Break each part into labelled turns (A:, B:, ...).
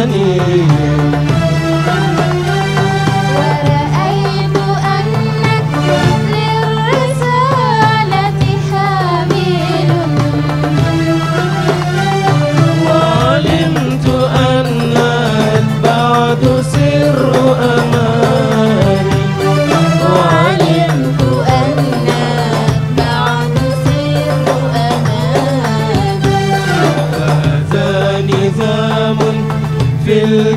A: الثاني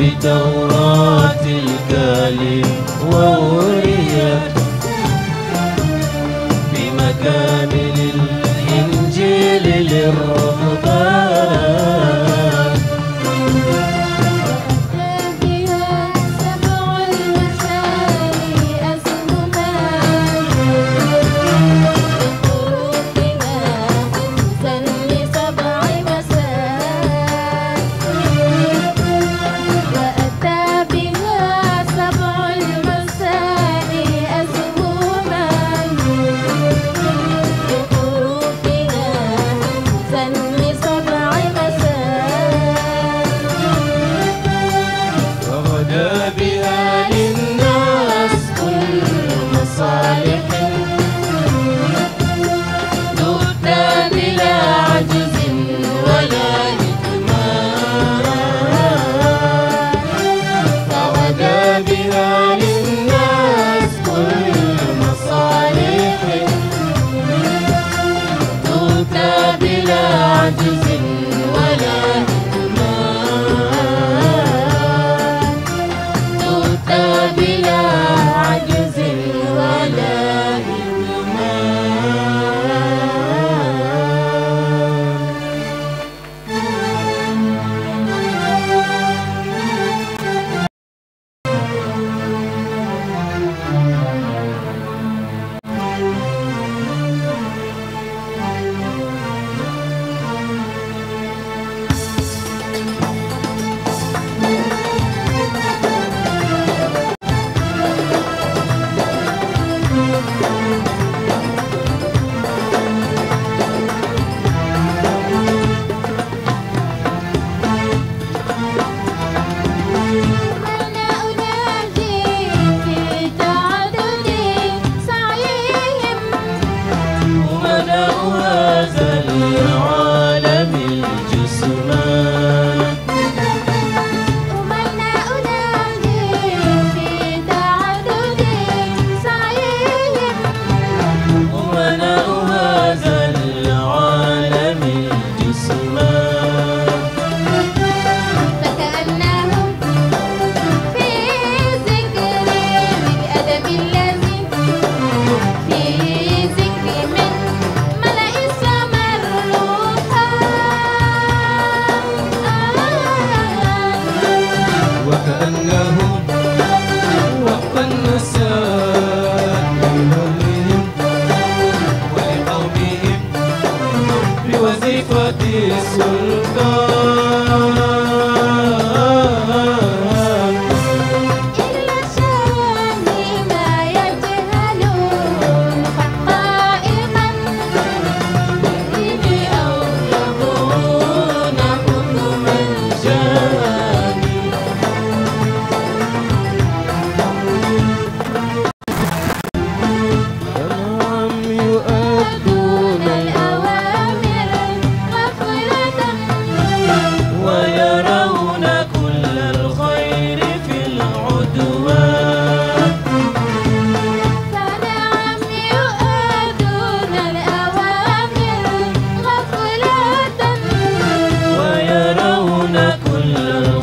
A: بتوراة الكلم ووريت بمكامل الإنجيل للرهبان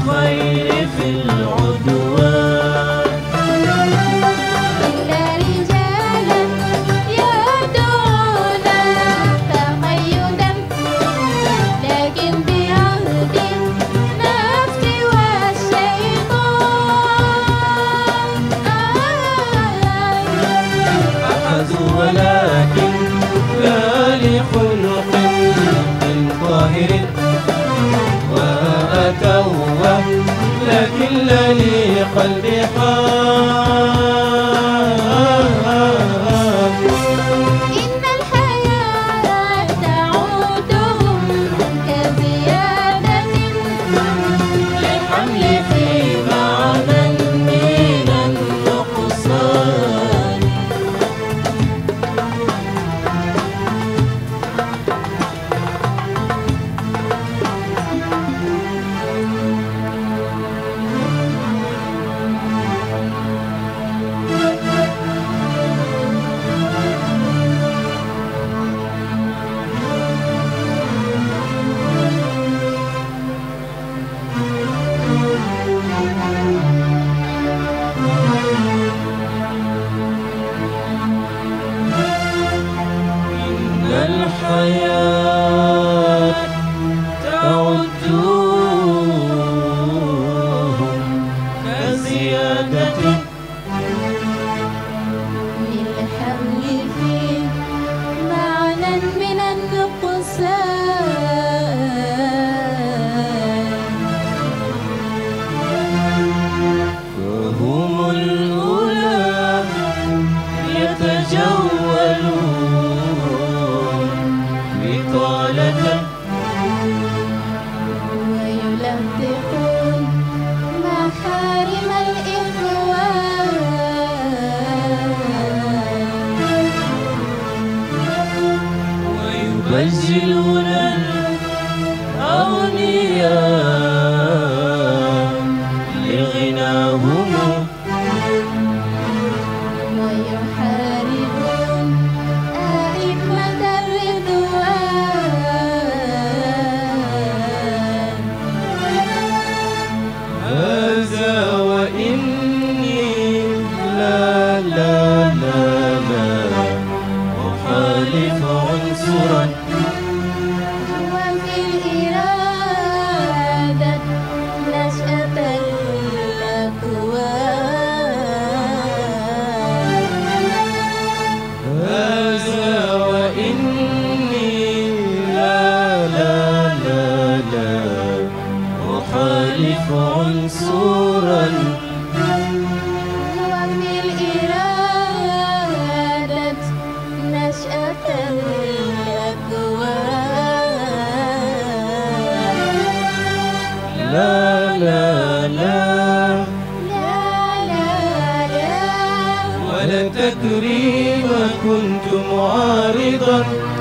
A: خير قلبي Thank you. مجنونا لا لا لا ولا تكريم كنت معارضا